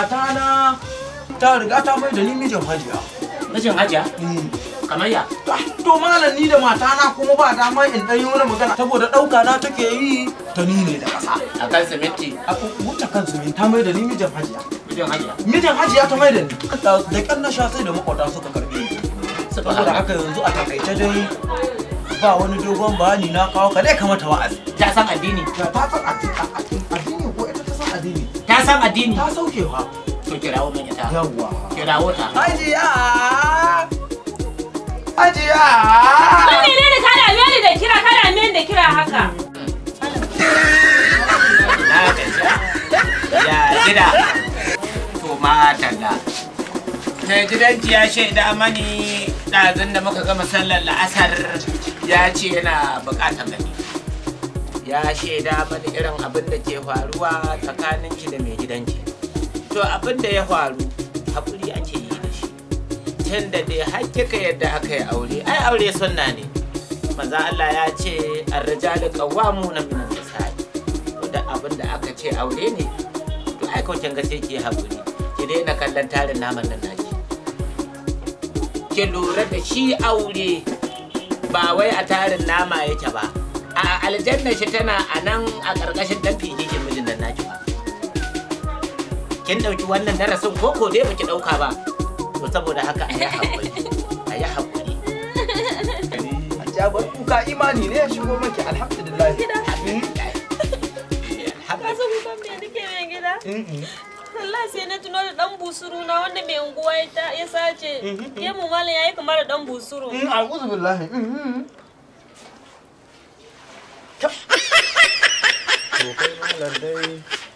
matana ta riga ta mai da ni mijin hajiya mijin hajiya mm. kamar ya ah, to malam ni da matana kuma ba dama in dan yi wani magana saboda dauka na take yi ta ni ne da kasa a kan siminti a wuta kan siminti ta mai da ni mijin hajiya mijin hajiya mijin hajiya ta mai da ni da kan na sha sai da makwata suka karbe ni saboda haka yanzu a takaice dai ba wani dogon bayani na kawo ka dai kamata wa'azi ta san addini ta san addini san addini ta saukewa to kirawo min ita yawwa kirawo ta hajiya hajiya ne menene ka dame ni da kira ka dame ni da kira haka ya gida to madalla ta gidanci ya shaida mani ɗazin da muka gama sallar la'asar ya ce yana buƙatar gani ya shaida mani irin abin da ke faruwa tsakanin da mai gidanki to abin da ya faru haƙuri ake yi da shi can da dai har yadda aka yi aure ai aure sunna ne maza Allah ya ce arrajalu qawwamuna min nisa'i to da abin da aka ce aure ne to ai kawai ga sai ki haƙuri ki daina kallon tarin naman nan naki ki lura da shi aure ba wai a tarin nama yake ba a aljanna shi tana a nan a ƙarƙashin dan fili kin dauki wannan darasin ko ko dai baki dauka ba to saboda haka a yi hakuri a yi hakuri a jabar kuka imani ne ya shigo maki alhamdulillah Allah sai na tuno da dan busuru na wanda mai unguwa ya sace ya mm-hmm. mu malam yayi kamar da dan busuru mm, a'udhu billahi mm-hmm. to kai malam dai